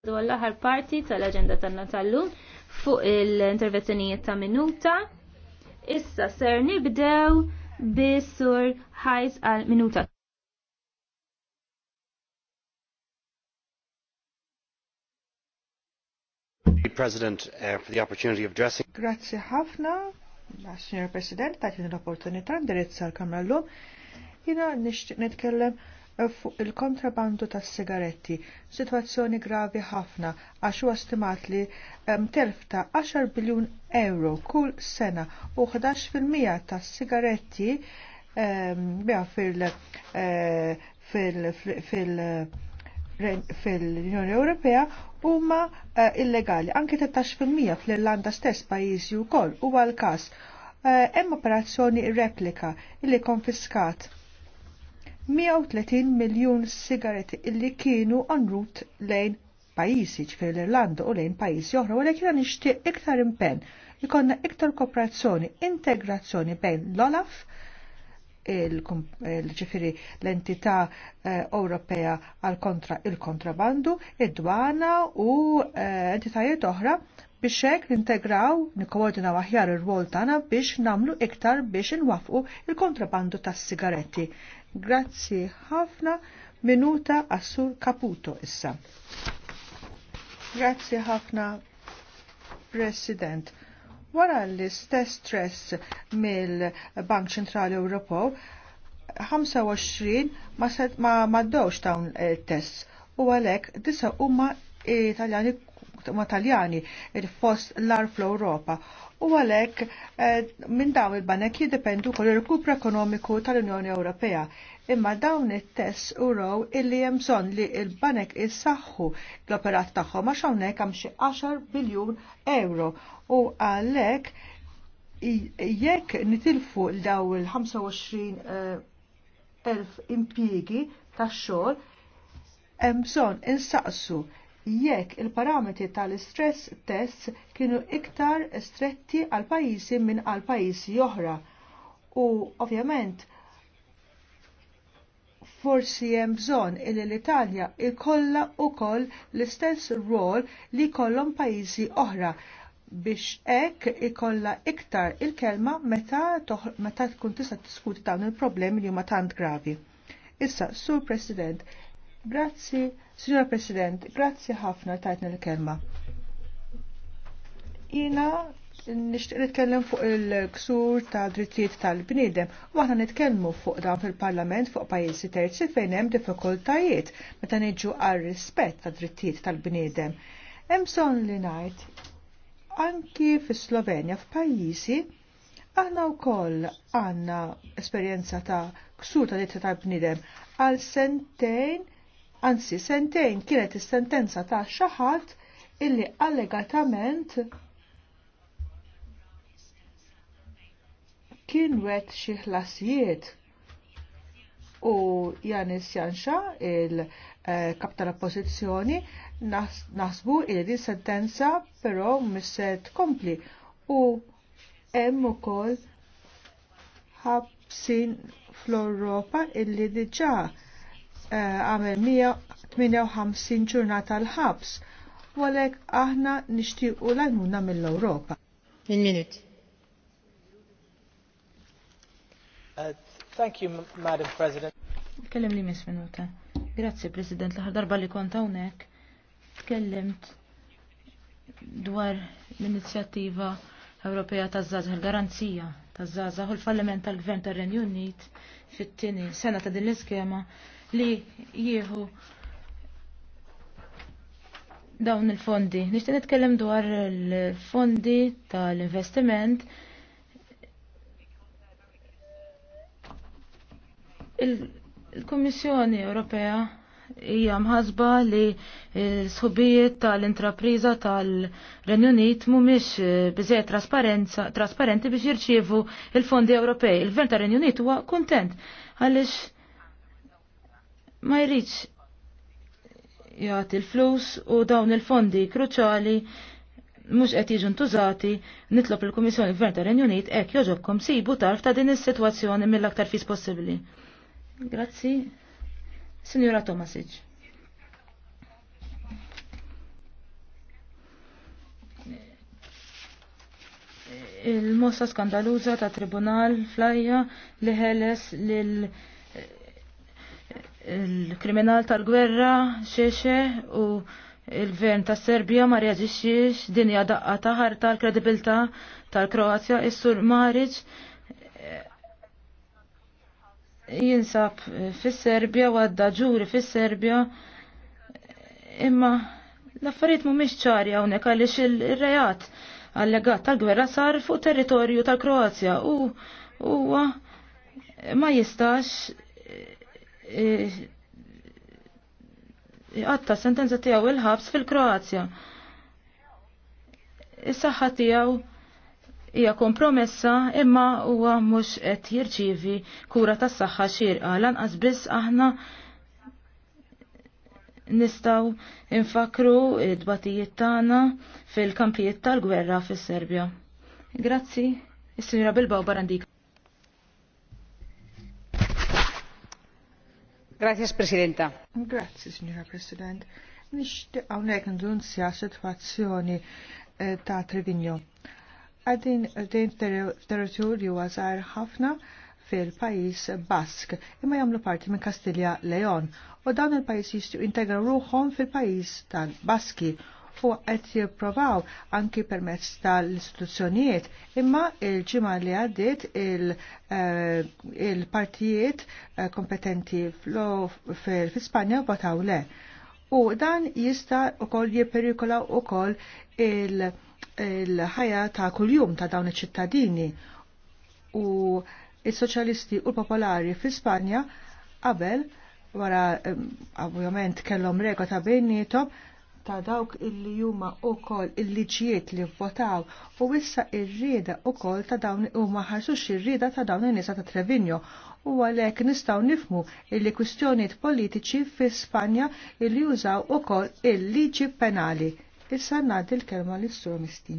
Għadu għall-aħar parti tal-agenda tal natallum fuq l-intervenzjonijiet ta' minuta. Issa ser nibdew bisur ħajs għal minuta. President, uh, for the opportunity of addressing. Grazie ħafna, Signor President, ta' l-opportunità ndirizza l-Kamra l-lum. Jina nishtiq nitkellem fuq il-kontrabandu tas sigaretti situazzjoni gravi ħafna għax huwa stimat li telf ta' 10 biljun euro kull sena u 11% tas sigaretti bija fil fil-Unjoni Ewropea huma eh, illegali. Anke 13% fl-Irlanda stess pajjiżi wkoll huwa l-każ. Eh, hemm operazzjoni replika illi konfiskat 130 miljun sigaretti illi kienu on route lejn pajjiżi ġifier l-Irlanda u lejn pajjiżi oħra, u jiena nixtieq iktar impenn ikonna iktar kooperazzjoni, integrazzjoni bejn l-Olaf, ġifiri l-entità eh, Ewropea għal kontra il-kontrabandu, id-dwana u eh, entitajiet oħra biex hekk nintegraw, nikkoordinaw aħjar ir-rwol tagħna biex namlu iktar biex inwaffqu il-kontrabandu tas-sigaretti. Grazzi ħafna minuta għassur Caputo issa. Grazzi ħafna President. Wara l-istess stress mill-Bank Ċentrali Ewropew, 25 ma, ma, dawn il-tess tests u għalek disa umma italjani ma taljani fost l-ar fl-Europa. U għalek eh, minn dawn il-banek jiddependu kol il-rekupru ekonomiku tal-Unjoni Ewropea. Imma dawn it-tess u row illi jemżon li il-banek jissaxħu l-operat tagħhom għax hawnhekk hemm xi 10 biljun euro. U għalek jekk nitilfu l-daw il-25 eh, elf impjiegi tax xogħol hemm bżonn insaqsu jekk il-parametri tal-stress tests kienu iktar stretti għal pajjiżi minn għal pajjiżi oħra. U ovvjament forsi hemm bżonn li l-Italja ikollha wkoll l-istess rol li jkollhom pajjiżi oħra biex hekk ikollha iktar il-kelma meta, meta tkun tista' tiskuti dawn il-problemi li huma tant gravi. Issa, Sur President, Grazzi, Signor President, grazzi ħafna tajtna l-kelma. Jina nixtieq nitkellem fuq il-ksur ta' drittijiet tal-bniedem. Waħna nitkellmu fuq dan fil-Parlament fuq pajjiżi terzi fejn hemm diffikultajiet meta niġu għal rispett ta' drittijiet tal-bniedem. Hemm bżonn li ngħid anki fis-Slovenja f'pajjiżi aħna wkoll għandna esperjenza ta' ksur ta' drittijiet tal-bniedem għal sentejn anzi sentejn kienet is-sentenza ta' xaħat illi allegatament kien wet xi ħlasijiet u Janis Janxa il-kap eh, tal-oppożizzjoni naħsbu il din sentenza però misset kompli u hemm ukoll ħabsin fl-Ewropa illi diġà Eh, għamil 158 ġurnata l-ħabs, u aħna aħna u l-għalmuna mill-Europa. Min minut. Uh, thank you, Madam President. Tkellem li mis minuta. Grazzi, President, l-ħar darba li kont hawnhekk tkellimt dwar l-inizjattiva Ewropea taż-żagħar garanzija tazzaza u l-falliment tal-Gvern tar-Renju Unit fit-tieni sena ta' din l-iskema li jieħu dawn il-fondi. Nixtieq nitkellem dwar il-fondi tal-investiment il-Kommissjoni Ewropea hija mħasba li eh, sħubijiet tal-intrapriża tal-Renjunit mhumiex eh, biżejjed trasparenti biex jirċievu il-fondi Ewropej. Il-Gvern tal renjunit huwa kuntent għaliex ma jridx jagħti l-flus u dawn il-fondi kruċali mhux qed jiġu ntużati, nitlob il-Kummissjoni Gvern tar-Renjunit hekk joġobkom sibu tarf ta' din is-sitwazzjoni mill-aktar fis possibbli. Grazzi. Signora Tomasic. Il-mossa skandaluza ta' tribunal flajja li ħeles l eh, kriminal tal-gwerra xexe u il-gvern ta' Serbia ma reagixxiex dinja daqqa ta' ħarta l-kredibilta tal-Kroazja is-sur Maric jinsab fis-Serbja u għadda ġuri fis-Serbja imma l-affarijiet mhumiex ċari hawnhekk għaliex il-reat allegat tal-gwerra sar fuq territorju tal-Kroazja u huwa ma jistax għatta e, sentenza tijaw il-ħabs fil-Kroazja. Is-saħħa tijaw hija kompromessa imma huwa mhux qed jirċievi kura tas-saħħa xierqa lanqas biss aħna nistaw infakru id-batijiet tagħna fil-kampijiet tal-gwerra fis-Serbja. Grazzi, is-Sinjura Bilbao Barandik. Grazie, Presidenta. Grazzi, Signora President. Nishtiq hawnhekk ndunzja sitwazzjoni eh, ta' Trevigno għadin din territorju għazar ħafna fil-pajis Bask imma jamlu parti minn Kastilja Leon u dan il-pajis jistju integra ruħom fil-pajis tal-Baski u għet jiprovaw anki permezz tal-istituzzjonijiet imma il-ġimma li għaddit eh, il-partijiet eh, kompetenti fil-Spanja votaw le. U dan jista' jiperikola jipperikola ukoll il- il-ħajja ta' kuljum ta' dawn iċ-ċittadini u il-soċjalisti u l-popolari fi Spanja qabel wara ovvjament kellhom rego ta' bejnietom ta' dawk illi huma wkoll il-liġijiet li votaw u issa ir-rieda wkoll ta' dawn ma ħarsux ir-rieda ta' dawn in-nisa ta' Trevinjo u għalhekk nistgħu nifmu illi kwistjonijiet politiċi fi Spanja illi jużaw ukoll il-liġi penali Issa nagħti l-kelma l istrumisti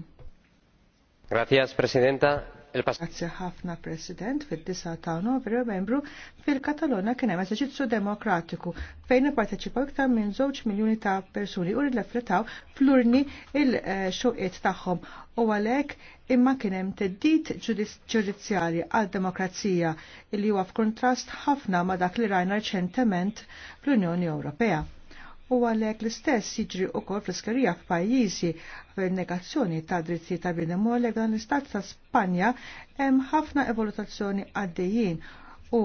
Grazie, Presidenta. Grazie ħafna, President, fid-9 ta' novembru membru fil-Katalona kien hemm eżerċizzju demokratiku fejn ipparteċipaw iktar minn żewġ miljuni ta' persuni u rrifletaw flurni il-xoqiet tagħhom u għalhekk imma kien hemm teddit ġudizzjali għal demokrazija li huwa f'kontrast ħafna ma' dak li rajna reċentement fl-Unjoni Ewropea u għalhekk l-istess jiġri wkoll fl-iskerija f'pajjiżi f'negazzjoni ta' dritti ta' bnedem u għalhekk dan l-istat ta' Spanja hemm ħafna evolutazzjoni għaddejjin u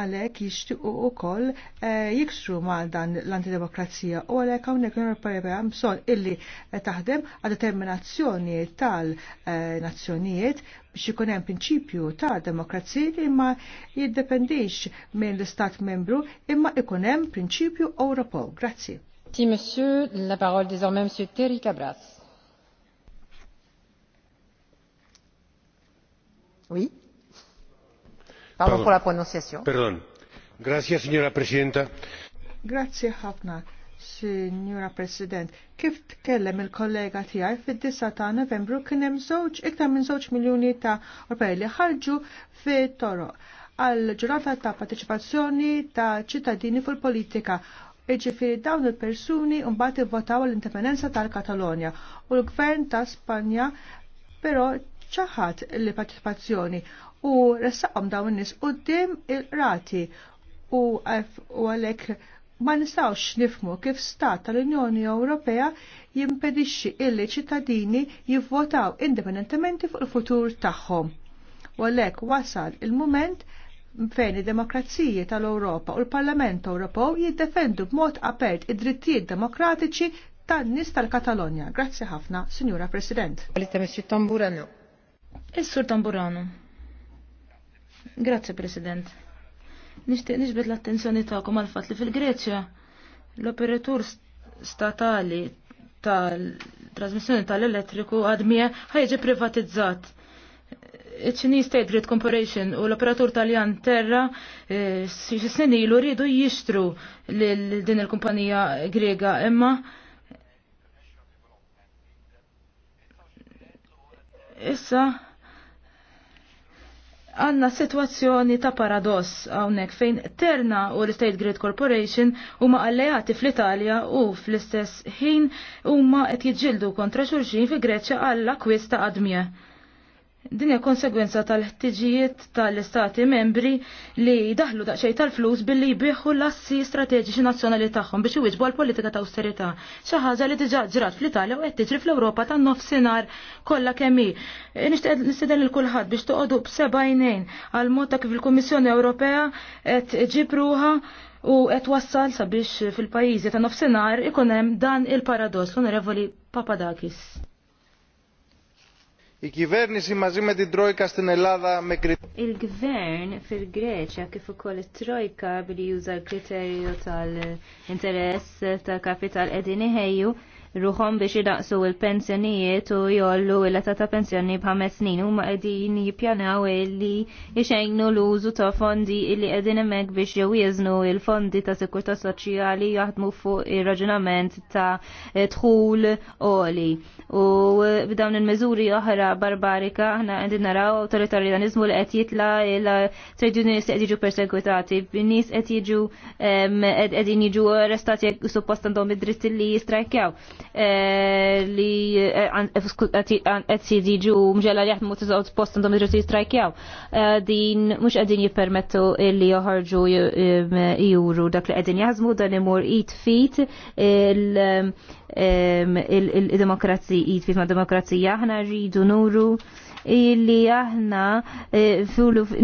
għalhekk jixtiequ wkoll eh, jiksru ma' dan l-antidemokrazija u għalhekk hawnhekk l r-parjabja mson illi taħdem għad determinazzjoni tal-nazzjonijiet biex ikun hemm prinċipju ta' demokrazija li ma jiddependix minn l-istat membru imma ikun hemm prinċipju Ewropew. Grazzi. Grazie, signora kif tkellem il-kollega tiegħi fid-9 ta' Novembru kien hemm żewġ iktar minn żewġ miljuni ta' Ewropej li ħarġu fit-toroq għall ġurnata ta' partiċipazzjoni ta' ċittadini fil-politika Iġifiri dawn il-persuni mbagħad ivvotaw l-indipendenza tal-Katalonja u l-Gvern ta' Spanja però ċaħat l partizipazzjoni u ressaqhom dawn in-nies quddiem il-rati u għalhekk ma nistawx nifmu kif stat tal-Unjoni Ewropea jimpedixxi illi ċittadini jivvotaw indipendentementi fuq il-futur tagħhom. U għalhekk wasal il-mument fejn id-demokrazija tal-Ewropa u l-Parlament Ewropew jiddefendu b'mod apert id-drittijiet demokratiċi tan-nies tal-Katalonja. Grazzi ħafna, Sinjura President. Is-Sur Tamburano. Grazzi President. Nixtieq nixbet l-attenzjoni tagħkom għal fatt li fil-Greċja l-operatur statali tal-trasmissjoni tal-elettriku għadmija ħajġi privatizzat ċinis State Grid Corporation u l-operatur taljan Terra s-snin eh, l rridu jixtru l-din il-kumpanija grega imma issa għanna situazzjoni ta' paradoss għawnek fejn Terna u l-State Grid Corporation huma alleati fl-Italja u fl-istess ħin huma qed jġildu kontra xulxin fi Greċja għall akwista għadmija. Din hija konsegwenza tal-ħtiġijiet tal-istati membri li daħlu daqsxejn tal-flus billi jbieħu l-assi strateġiċi nazzjonali tagħhom biex iwieġbu għall-politika ta' awsterità. Xi ħaġa li diġà ġrat fl-Italja u qed fl-Ewropa tan-nofsinhar kollha kemm hi. E, nixtieq nistieden lil kulħadd biex toqgħodu b'seba' jnejn għal mod ta' kif il-Kummissjoni Ewropea qed ġibruha u qed wassal sabiex fil-pajjiżi ta' nofsinhar ikun hemm dan il-paradoss l-Onorevoli Papadakis. Il-gvern fil-Greċja kif ukoll it-trojka billi juża l-kriterju tal-interess tal-kapital qegħdin iħejju ruħom biex jidaqsu il-pensjonijiet u jollu il lata ta' pensjoni b'ħames snin u ma' qegħdin jippjanaw li jxejnu l-użu ta' fondi li qegħdin emmek biex jew il-fondi ta' sikurtà soċjali jaħdmu fuq ir-raġunament ta' dħul oli. U b'dawn il-miżuri oħra barbarika aħna qegħdin naraw awtoritarjanizmu li qed jitla il-trade unionists qed jiġu perseguitati, b'nis qed jiġu qegħdin jiġu arrestati suppost għandhom id-dritt li jistrajkjaw. Eh, li qed eh, eh, diġu mġella li t tiżgħu post għandhom jiġu jistrajkjaw. Din mhux qegħdin jippermettu li joħorġu juru dak li qegħdin jazmu dan imur eat fit il-demokrazija, eat fit ma' demokrazija aħna rridu nuru li aħna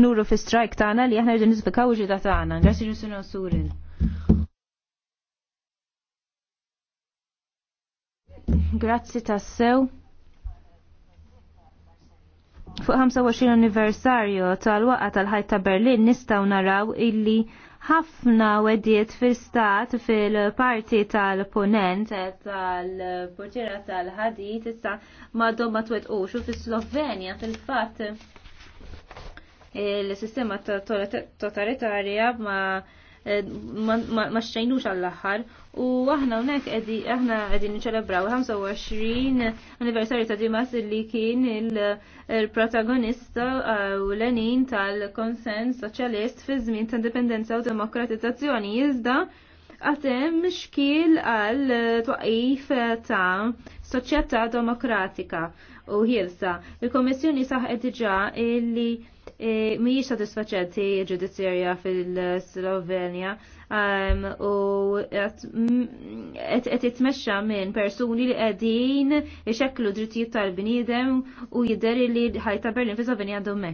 nuru fi strajk tagħna li aħna rridu nisbikaw ġida tagħna. Għasġi ġusuna Surin. Grazzi tassew. Fuq 25 anniversarju tal-waqqa tal-ħajt ta' Berlin nistaw naraw illi ħafna wedijiet fil-stat fil-parti tal-ponent tal portiera tal-ħadit issa madhom ma twetqux u fil-Slovenja fil-fatt il-sistema totalitarja ma' ma xċajnux għall-aħħar u aħna hawnhekk għedi aħna qegħdin nċelebraw 25 anniversarju ta' Dimas li kien il-protagonista uh, u lenin tal-konsens soċjalist fi żmien ta' indipendenza u demokratizzazzjoni jizda għatem xkiel għal twaqif ta' soċjetà demokratika u ħilsa. Il-Komissjoni saħqet diġà illi eh, mhijiex satisfaċenti ġudizzjarja fil-Slovenja um, u mm, qed jitmexxa minn persuni li qegħdin ixekklu drittijiet tal-bniedem u jidher li ħajta Berlin fi Slovenja għandhom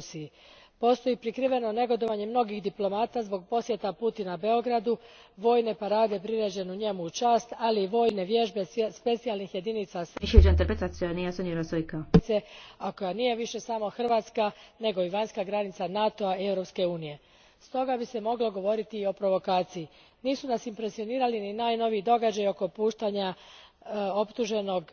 Sì postoji prikriveno negodovanje mnogih diplomata zbog posjeta putina beogradu vojne parade priređene njemu u čast ali i vojne vježbe specijalnih jedinica a koja nije više samo hrvatska nego i vanjska granica nato a i europske unije. stoga bi se moglo govoriti i o provokaciji. nisu nas impresionirali ni najnoviji događaji oko puštanja e, optuženog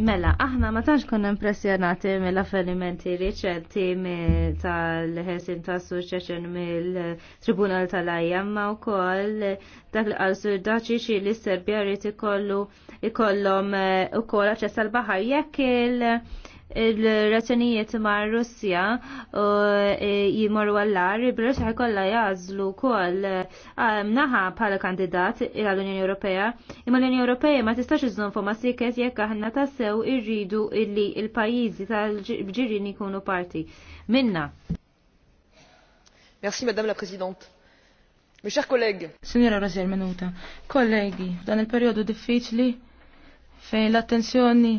Mela, aħna ma tantx konna impressjonati mill-avvenimenti riċenti tal-ħelsin ta' suċċeċen mill-Tribunal tal ajja ma' wkoll dak li qal surdaċi xi li s-Serbja rrid ikollu ikollhom eh, ukoll aċċess għall-baħar jekk il- il-razzjonijiet ma' Russja e, jimorru għallar, bil-Russja kollha jażlu wkoll naħa bħala kandidat għall-Unjoni Ewropea, imma l-Unjoni Ewropea ma tistax iżżomm fuq ma' jekk aħna tassew irridu illi il-pajjiżi tal-ġirien jkunu parti minna. Merci Madame la Présidente. Mes chers collègues. Signora Rosier Menuta, kollegi, dan il-periodu diffiċli fejn l-attenzjoni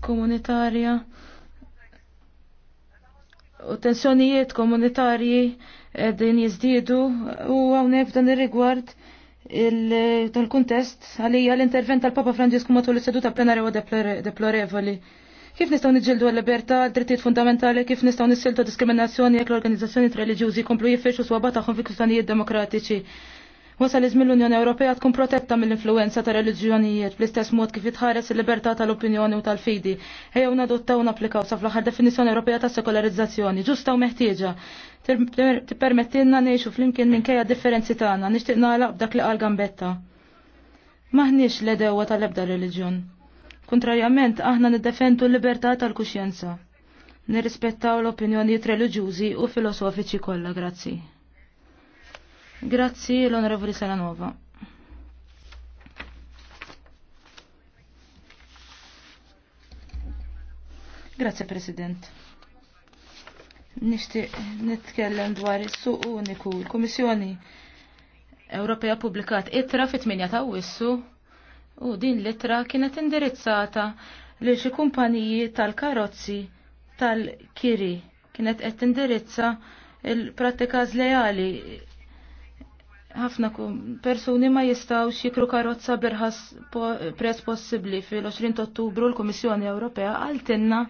komunitarja u tensjonijiet komunitarji din jizdidu u għawnef dan ir-rigward tal-kuntest għalija l-intervent tal-Papa Franġisku matul is-seduta plenarja deplorevoli. Kif nistgħu niġġieldu l-libertà, drittijiet fundamentali, kif nistgħu nissiltu diskriminazzjoni jekk l-organizzazzjoni reliġjużi jkomplu jifirxu swaba tagħhom fi kustanijiet demokratiċi. Wasal iżmi l-Unjoni Ewropea tkun protetta mill-influenza ta' reliġjonijiet bl-istess mod kif itħares il-libertà tal-opinjoni u tal-fidi. Ejjew nadottaw napplikaw sa fl-aħħar definizzjoni Ewropea ta' sekolarizzazzjoni, ġusta u meħtieġa. Tippermettilna ngħixu flimkien minkejja differenzi tagħna, nixtieq nagħlaq b'dak li qal Gambetta. Maħniex l-edewa tal-ebda reliġjon. Kontrarjament aħna niddefendu l-libertà tal-kuxjenza. Nirrispettaw l-opinjonijiet reliġjużi u filosofiċi kollha, grazzi. Grazzi l'onorevole Salanova. Grazie President. Nishti nitkellem dwar is-suq uniku. Il-Kummissjoni Ewropea publikat itra fit-8 ta' wissu u din l-itra kienet indirizzata li xi kumpaniji tal-karozzi tal-kiri kienet qed tindirizza il-prattika zlejali ħafna persuni ma jistaw jikru karozza birħas prezz possibli fil-20 ottubru l-Komissjoni Ewropea għaltinna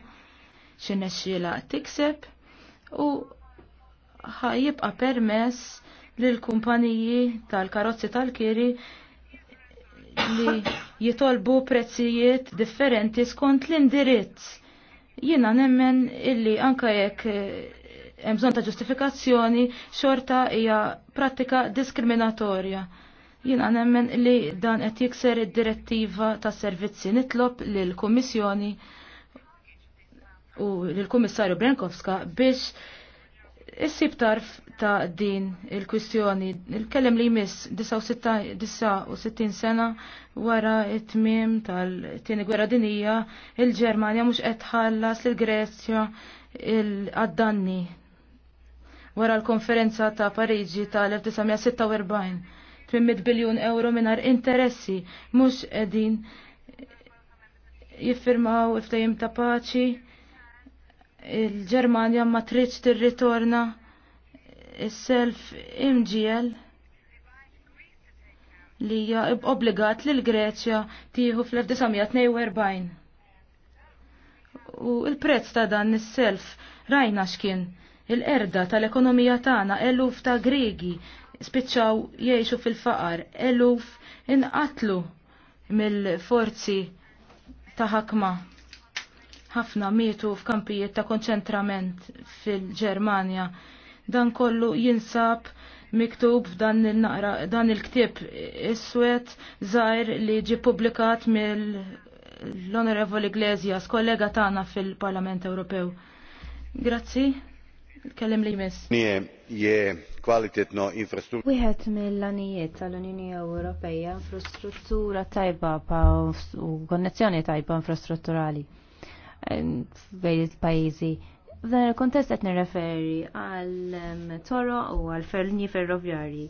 xinexxila tikseb u ħajibqa permess lill kumpaniji tal-karozzi tal-kiri li jitolbu prezzijiet differenti skont l-indirizz. Jina nemmen illi anka jekk hemm bżonn ta' ġustifikazzjoni xorta hija prattika diskriminatorja. Jiena nemmen li dan qed jikser id-direttiva tas servizzi nitlob lil kummissjoni u lil kummissarju Brenkowska biex issib tarf ta' din il-kwistjoni. Il-kellem li jmiss 69 sena wara it-tmim tal-tieni gwerra dinija, il-Ġermanja mhux qed tħallas lill-Grezja il-għaddanni wara l-konferenza ta' Pariġi tal-1946. 800 biljun euro minar interessi mhux qegħdin jiffirmaw il-ftajim ta' paċi il-Ġermanja ma tridx tirritorna is-self imġiel li hija obbligat lil Greċja tieħu fl-1942. U l prezz ta' dan is-self rajna x'kien Il-erda tal-ekonomija tagħna eluf ta' Gregi spiċċaw jgħixu fil-faqar, eluf inqatlu mill-forzi ta' ħakma. Ħafna mietu f'kampijiet ta' konċentrament fil-Ġermanja. Dan kollu jinsab miktub f'dan il-naqra dan il-ktieb iswed żgħir li ġi publikat mill l-Onorevoli Iglesias, kollega tagħna fil-Parlament Ewropew. Grazzi. We li jmiss. Wieħed mill-anijiet tal-Unjoni Ewropeja infrastruttura tajba u konnezzjoni tajba infrastrutturali bejn il-pajjiżi. F'dan il-kontest qed nirreferi għal toro u għal ferlinji ferrovjarji.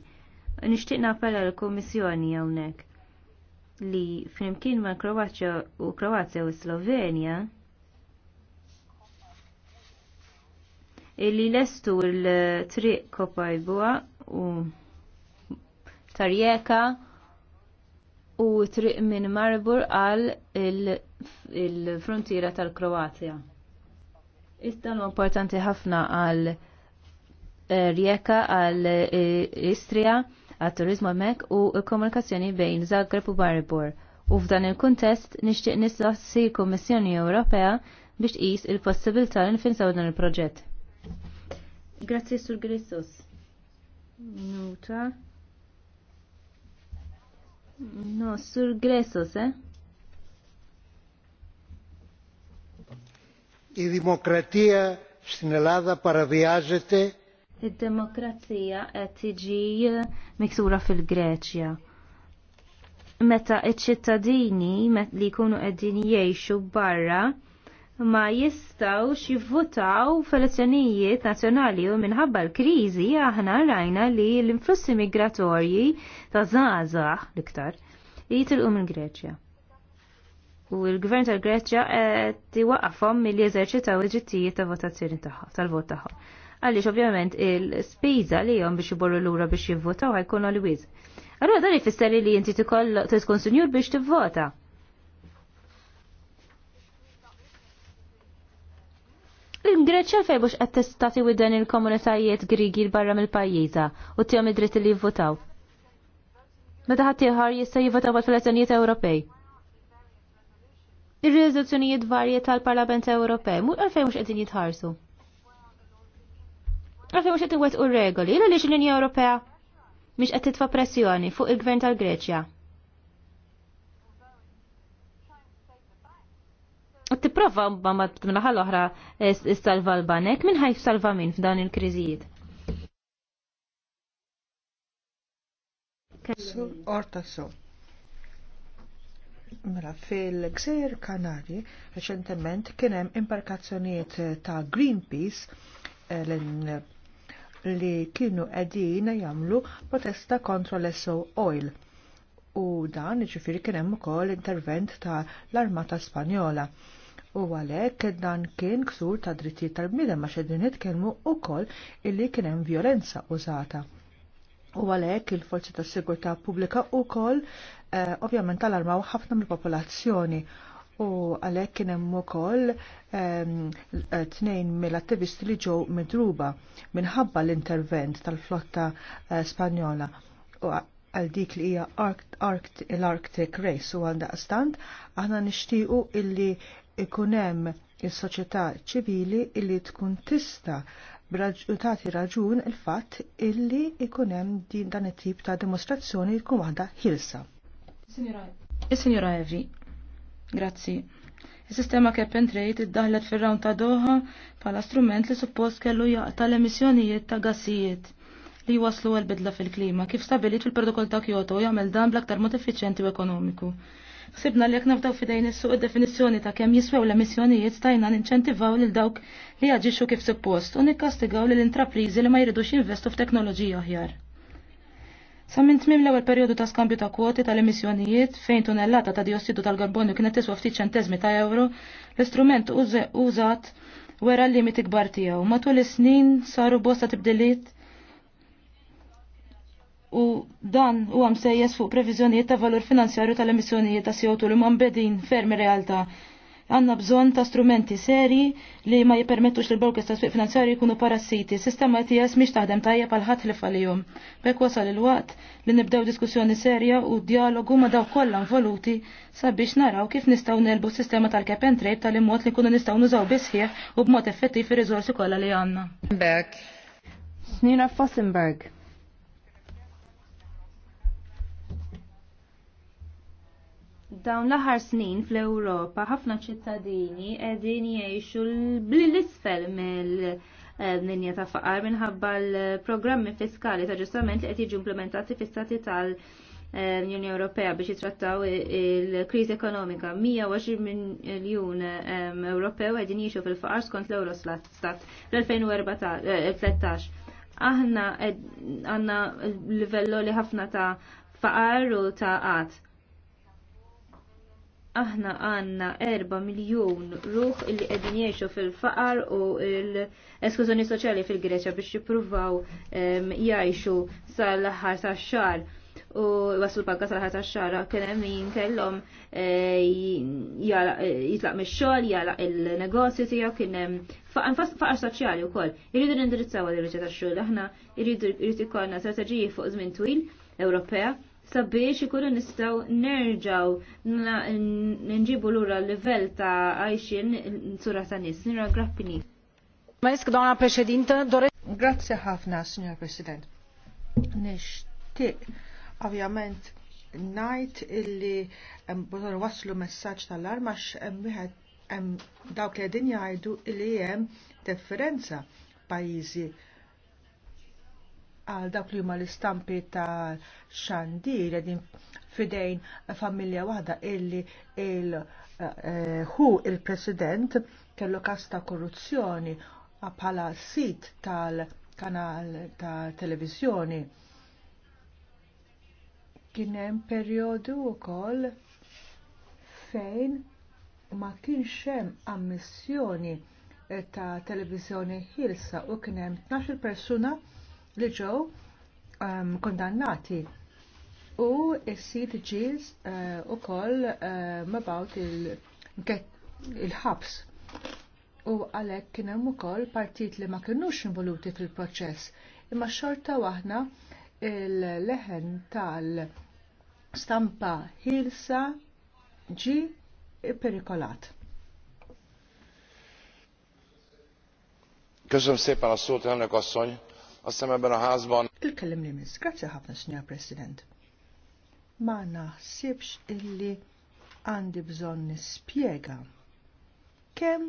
Nixtieq nappella l-Kummissjoni hawnhekk li flimkien ma' Kroazja u Kroazja u Slovenja Illi lestu l-triq kopajbua u tarjeka u triq minn Maribor għal il-frontiera il tal-Kroatja. Istan importanti ħafna għal eh, rijeka għal eh, Istria għal turizmu mek u komunikazzjoni bejn Zagreb u Maribor. U f'dan il-kuntest nixtieq nistaqsi l-Kummissjoni Ewropea biex tqis il-possibilità li nfinsaw dan il-proġett. Grazie, Sur Grissus. Nuta. No, Sur Grissus, eh? Η δημοκρατία στην Ελλάδα παραβιάζεται. Η δημοκρατία etiġi miksura fil-Greċja. Meta iċ-ċittadini li jkunu qegħdin jgħixu barra ma jistawx jivvotaw f'elezzjonijiet nazzjonali u minħabba l-kriżi aħna rajna li l-influssi migratorji ta' żgħażagħ l-iktar jitilqu minn Greċja. U l-gvern tal-Greċja qed iwaqafhom milli jeżerċitaw il-ġittijiet ta' votazzjoni tal-vot tagħhom. Għaliex ovvjament il-spiża li jom biex l lura biex jivvotaw ħajkun għal wiz. Allora dan ifisser li inti tikoll tkun sinjur biex tivvota. Greċja fejn mhux qed tistati u dan il-komunitajiet Grigi barra mill-pajjiża u tihom id-dritt li jivvotaw. Meta ħadd ieħor jista' jivvotaw għall-elezzjonijiet Ewropej. Ir-riżoluzzjonijiet varji tal-Parlament Ewropej mhux għalfejn mhux qegħdin jitħarsu. Għalfejn mhux qed r regoli, il l-Unja Ewropea mhix qed titfa' pressjoni fuq il-Gvern tal-Greċja. tipprova ma minnaħal oħra eh, salva l-banek, minn ħaj salva minn f'dan il-kriżijiet? Sur orta so. Mela, fil gżir Kanari reċentement kien hemm imbarkazzjonijiet ta' Greenpeace eh, li kienu qegħdin jagħmlu protesta kontra l-SO Oil u dan ġifiri kien hemm ukoll intervent ta' l-Armata Spanjola. U għalhekk dan kien ksur ta' drittijiet tal-bniedem ma xedin nitkellmu wkoll illi kien hemm violenza użata. U għalhekk il-forzi tas sigurtà pubblika wkoll eh, ovvjament tal-armaw ħafna mill-popolazzjoni u għalhekk kien hemm ukoll ehm, eh, tnejn mill-attivisti li ġew midruba minħabba l-intervent tal-flotta eh, Spanjola għal dik li hija l-Arctic Race u għandha stand aħna nixtiequ illi ikun hemm soċieta soċjetà ċivili illi tkun tista' b'raġutati raġun il-fatt illi ikun hemm din dan it-tip ta' dimostrazzjoni tkun waħda ħilsa. Is-Sinjura Evi, grazzi. Is-sistema cap entrejt id iddaħlet fir-rawn ta' Doha bħala strument li suppost kellu jaqta l-emissjonijiet ta' gassijiet li waslu għal-bidla fil-klima kif stabilit fil-protokoll ta' Kyoto jagħmel dan bl-aktar mod effiċjenti u ekonomiku. Ħsibna li jekk nafdaw fidejn is-suq id-definizzjoni ta' kemm jiswew l-emissjonijiet stajna ninċentivaw lil dawk li jaġixxu kif suppost u nikkastigaw lil intrapriżi li ma jridux jinvestu f'teknoloġija aħjar. Sa minn tmim l-ewwel perjodu ta' skambju ta' kwoti tal-emissjonijiet fejn tunellata ta' diossidu tal-karbonju kienet tiswa ftit ċentezmi ta' euro, l-istrument użat wera l limiti kbar tiegħu. Matul is-snin saru bosta tibdiliet u dan u għam sejjes fuq previżjonijiet ta' valur finanzjarju tal-emissjonijiet ta' CO2 li mambedin fermi realtà. Għanna bżon ta' strumenti seri li ma jipermettux l-borkes ta' finanzjarju jkunu parassiti. Sistema tijas miex taħdem tajja pal-ħat li falijom. Bek wasal il-waqt li nibdew diskussjoni serja u dialogu ma daw kollha voluti sabiex naraw kif nistgħu nelbu sistema tal-cap and trade tal imot li kunu nistgħu nużaw bisħieħ u b'mod effettiv ir-riżorsi kollha li għandna. Snina Fossenberg. dawn l-aħar snin fl-Ewropa ħafna ċittadini qegħdin jgħixu bl-isfel mill-linja eh, ta' faqar minħabba l-programmi fiskali ta' ġustament li qed jiġu implementati fis-stati tal-Unjoni eh, Ewropea biex jitrattaw il-kriżi ekonomika. 120 miljun eh, Ewropew qegħdin jiexu fil-faqar skont l-Eurostat fl-2013. Aħna għandna livello li ħafna ta' faqar u ta' qatt aħna għanna 4 miljon ruħ li qegħdin jgħixu fil-faqar u l-eskużjoni soċjali fil-Greċja biex jippruvaw ehm, jgħixu sal-aħħar tax-xahar u waslu l sal-ħar tax-xahar kien hemm min kellhom eh, jitlaq mix-xogħol, jalaq il-negozju tiegħu kien hemm faqar soċjali wkoll. Irridu nindirizzaw għal reċa tax-xogħol aħna irridu jrid ikollna strateġiji fuq żmien twil Ewropea sabiex ikunu nistaw nerġaw nġibu lura l-level ta' għajxin sura ta' nis. Nira grappini. Majisk dawna preċedinta, dore. Grazie ħafna, Signor President. Nishtiq, ovvjament, najt illi bżon waslu messaċ tal-armax wieħed dawk li għedin jgħidu illi hemm differenza pajjiżi għal dak li huma l-istampi ta' xandir għedin fidejn familja waħda illi il eh, hu il-president kellu kas ta' korruzzjoni bħala sit tal-kanal ta' televizjoni. Kien hemm perjodu wkoll fejn ma kienx hemm ammissjoni ta' televizjoni Hilsa u kien hemm 12 persuna li ġew um, kondannati u s-sit ġiz uh, eh, u koll uh, eh, mabawt il-ħabs. u għalek kienem u koll partit li ma kienux involuti fil-proċess. Imma xorta waħna il-leħen tal-stampa ħilsa ġi perikolat. Köszönöm szépen a szót, elnök asszony! Azt ebben a házban. Il-kellim li miss, grazie ħafna signor President. Ma naħsibx illi għandi bżon nispjega kemm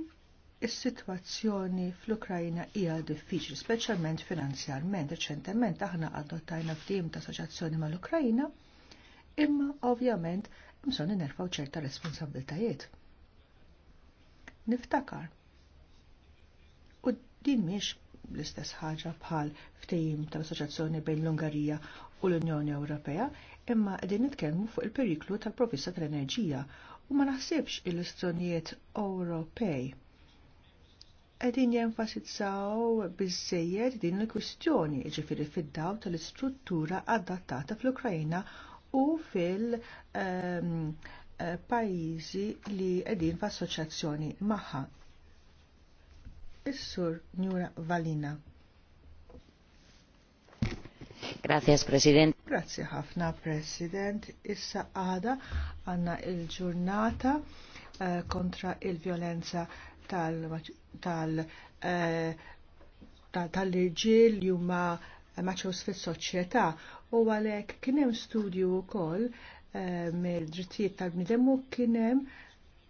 is-sitwazzjoni fl-Ukrajna hija diffiċli, speċjalment finanzjarment. Reċentement aħna adottajna ftim ta' assoċjazzjoni mal-Ukrajna, imma ovvjament bżonn nerfaw ċerta responsabiltajiet. Niftakar. U din miex l-istess ħaġa bħal ftehim tal-Assoċjazzjoni bejn l-Ungarija u l-Unjoni Ewropea, imma qegħdin nitkellmu fuq il-periklu tal-provvista tal-enerġija u ma naħsibx il-istronijiet Ewropej qegħdin jenfasizzaw biżejjed din il-kwistjoni ġifieri fid-daw tal-istruttura adattata fl ukraina u fil- ehm, eh, pajjiżi li qegħdin f'assoċjazzjoni magħha Is-sur Njura Valina. Grazie, President. Grazie ħafna, President. Issa għada għanna il-ġurnata eh, kontra il-violenza eh, tal-irġil li huma maċċus fis-soċjetà u għalek kien hemm studju wkoll eh, mill-drittijiet tal-bniedem u kien hemm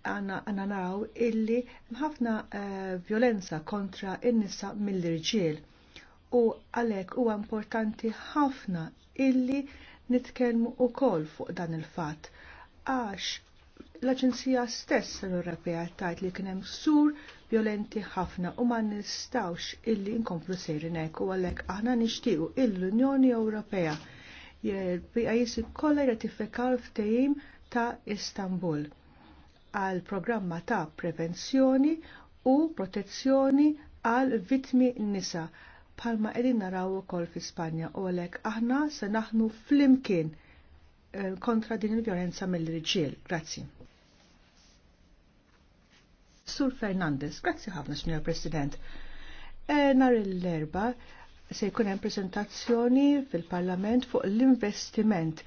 għanna naraw illi mħafna eh, violenza kontra in-nisa mill-irġiel u għalhekk huwa importanti ħafna illi nitkellmu kol fuq dan il-fatt għax l-Aġenzija stess l-Ewropea tajt li kien hemm sur violenti ħafna u ma nistawx illi nkomplu sejrin u għalhekk aħna nixtiequ l-Unjoni Ewropea pajjiżi kollha jirratifikaw ftehim ta' Istanbul għal programma ta' prevenzjoni u protezzjoni għal vitmi nisa palma edin naraw ukoll fi Spanja u għalhekk aħna se naħnu flimkien eh, kontra din il-vjolenza mill-riġiel. Grazzi. Sur Fernandez, grazzi ħafna, Signor President. E, nar l-erba se jkun hemm prezentazzjoni fil-Parlament fuq l-investiment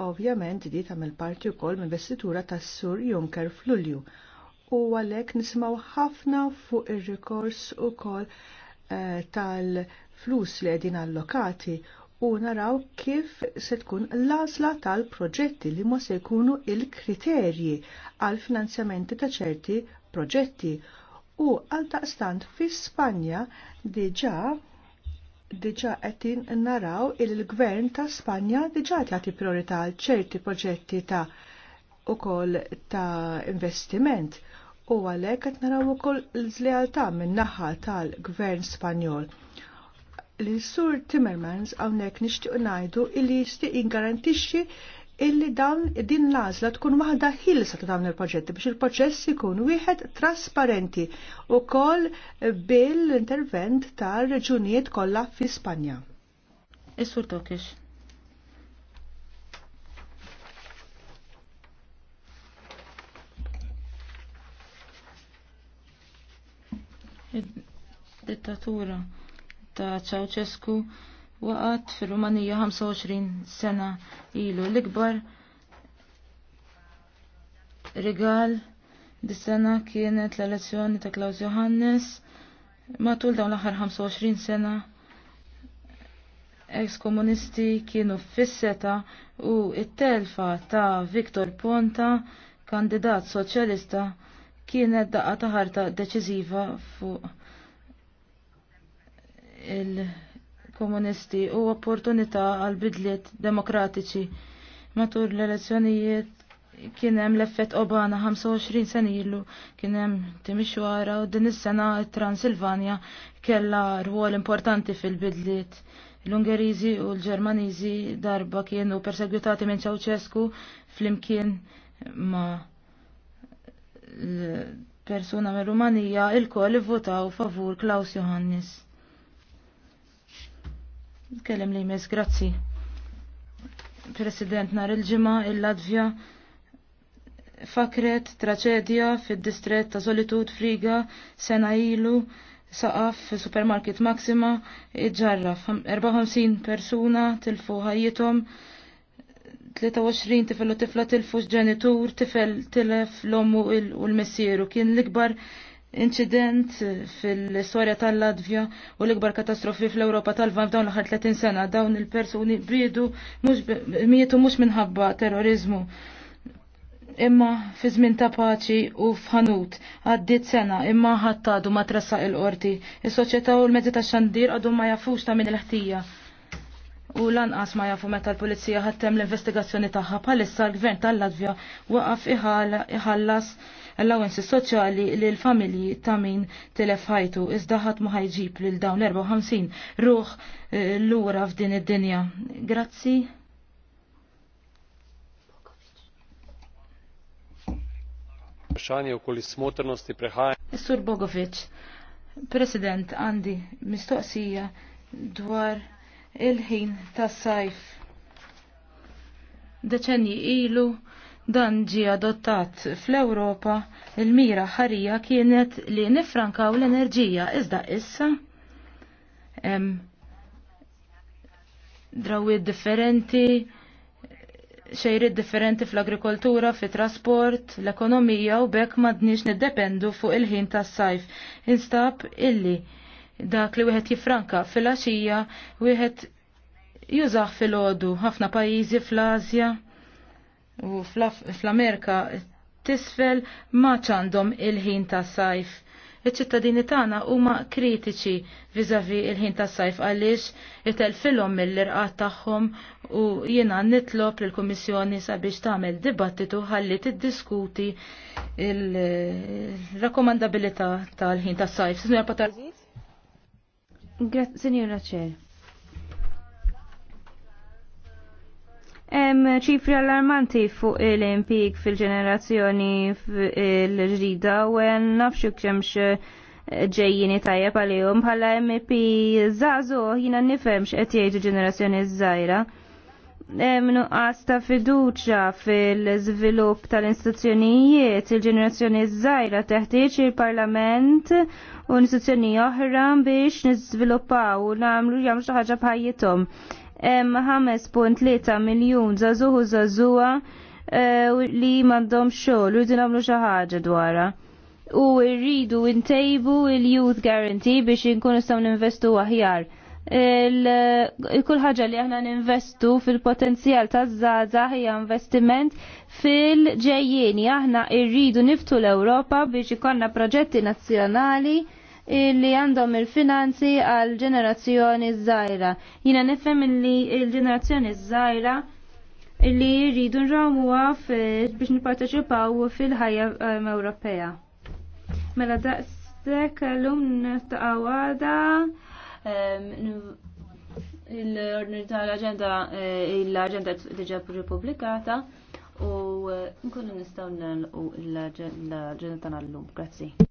Ovvjament di tagħmel parti wkoll mill-vestitura tas-Sur Junker f'Lulju u għalhekk nisimgħu ħafna fuq ir-rikors ukoll eh, tal-flus li għedin allokati u naraw kif se tkun l-għażla tal-proġetti li ma se jkunu il-kriterji għal finanzjamenti ta' ċerti proġetti u għal taqstant fi Spanja diġa diġa qegħdin naraw il l-Gvern ta' Spanja diġa jagħti priorità għal ċerti proġetti ta' ukoll ta' investiment u għalhekk qed naraw ukoll l-żlealtà min-naħa tal-Gvern Spanjol li sur Timmermans hawnhekk nishtiq najdu li jistiq ingarantixxi illi dan din l-għażla tkun waħda ħilsa ta' dawn il-proġetti biex il-proċess ikun wieħed trasparenti wkoll bil-intervent tar-reġunijiet kollha fi Spanja. Is-sur Tokix. dittatura ta' Ceausescu waqat fil-Rumanija 25 sena ilu l-ikbar rigal dis-sena kienet l-elezzjoni ta' Klaus Johannes matul dawn l-aħħar 25 sena ex-komunisti kienu fisseta u it-telfa ta' Viktor Ponta kandidat soċjalista kienet daqqa ta' ħarta deċiżiva fuq il- komunisti u opportunità għal bidliet demokratiċi. Matul l-elezzjonijiet kien hemm l-effett Obama 25 sen ilu kien hemm timixwara u din is-sena Transilvania kellha rwol importanti fil-bidliet. L-Ungeriżi u l-Ġermaniżi darba kienu persegwitati minn Ceausescu flimkien ma l persuna mir-Rumanija il-koll ivvotaw favur Klaus Johannes. Nitkellem li jmiss, grazzi. President, nar il-ġimgħa il-Latvja fakret traċedja fid-distret ta' Solitud Friga sena ilu saqaf fi supermarket Maxima iġġarraf 54 persuna tilfu ħajjithom 23 tifel u tifla tilfu ġenitur tifel tilef l-ommu u l-missieru kien l-ikbar incident fil-istorja tal-Latvja u l-ikbar katastrofi fl-Europa tal-Van f'dawn l-aħħar 30 sena dawn il-persuni bridu mietu mhux minħabba terrorizmu imma fi żmien ta' paċi u f'ħanut għaddiet sena imma ħadd ma tressaq il-qorti. Is-soċjetà u l-mezzi tax-xandir għadu ma jafux ta' min il-ħtija U lanqas ma jafu meta l-Pulizija ħattem l-investigazzjoni tagħha bħalissa l-Gvern tal-Latvja waqaf iħallas allowances soċjali li l familji ta' min telef ħajtu iżda ħadd ma ħajġib lil dawn l-54 ruħ eh, lura f'din id-dinja. Grazzi. Sur Bogovic, President, għandi mistoqsija dwar il-ħin tas-sajf. Deċenji ilu dan ġi adottat fl-Ewropa il-mira ħarija kienet li nifrankaw l-enerġija iżda issa em, drawiet differenti, xejrid differenti fl-agrikoltura, fit-trasport, l-ekonomija u bekk madniex niddependu fuq il-ħin tas-sajf. Instab illi dak li wieħed jifranka fil-għaxija wieħed jużaħ fil-ħodu ħafna pajjiżi fl-Asja u fl-Amerika tisfel ma ċandhom il-ħin ta' sajf. Iċ-ċittadini tagħna huma kritiċi viżavi il-ħin ta' sajf għaliex itelfilhom mill-irqat tagħhom u jiena nitlob lill kummissjoni sabiex tagħmel dibattitu ħalli tiddiskuti il-rakkomandabilità tal-ħin ta' sajf. Signor Patarzi? Signora Cer. Hemm ċifri allarmanti fuq l-impik fil-ġenerazzjoni l-ġdida u nafxu kemx eh, ġejjini tajjeb għalihom bħala MP Zazu jina nifhem x'qed jgħidu ġenerazzjoni żgħira. Hemm nuqqas ta' fiduċja fil-żvilupp tal-istituzzjonijiet il-ġenerazzjoni żgħira teħtieġ il-Parlament u istituzzjoni oħra biex niżviluppaw u nagħmlu jagħmlu xi ħaġa bħajjithom. 5.3 miljun żagħżuħ u żagħżuha e, li mandom xogħol u jridu nagħmlu xi ħaġa dwarha. U rridu ntejbu il-Youth Guarantee biex inkunu nistgħu ninvestu aħjar kull ħaġa li aħna ninvestu fil-potenzjal ta' zaza hija investiment fil ġejjeni Aħna irridu niftu l-Ewropa biex ikonna proġetti nazzjonali li għandhom il-finanzi għal ġenerazzjoni żgħira. Jiena nifhem li l-ġenerazzjoni żgħira li jridu nrawmuha biex nipparteċipaw fil-ħajja ehm, Ewropea. Mela daqstek l-lum nistaqawada ehm, l-ordni tal-agenda eh, l-agenda diġa pubblikata u nkunu nistaw nagħlqu l-agenda tagħna llum. Grazzi.